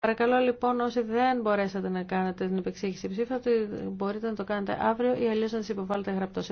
Παρακαλώ λοιπόν όσοι δεν μπορέσατε να κάνετε την επεξήγηση ψήφα, μπορείτε να το κάνετε αύριο ή αλλιώς να τις υποβάλλετε γραπτό.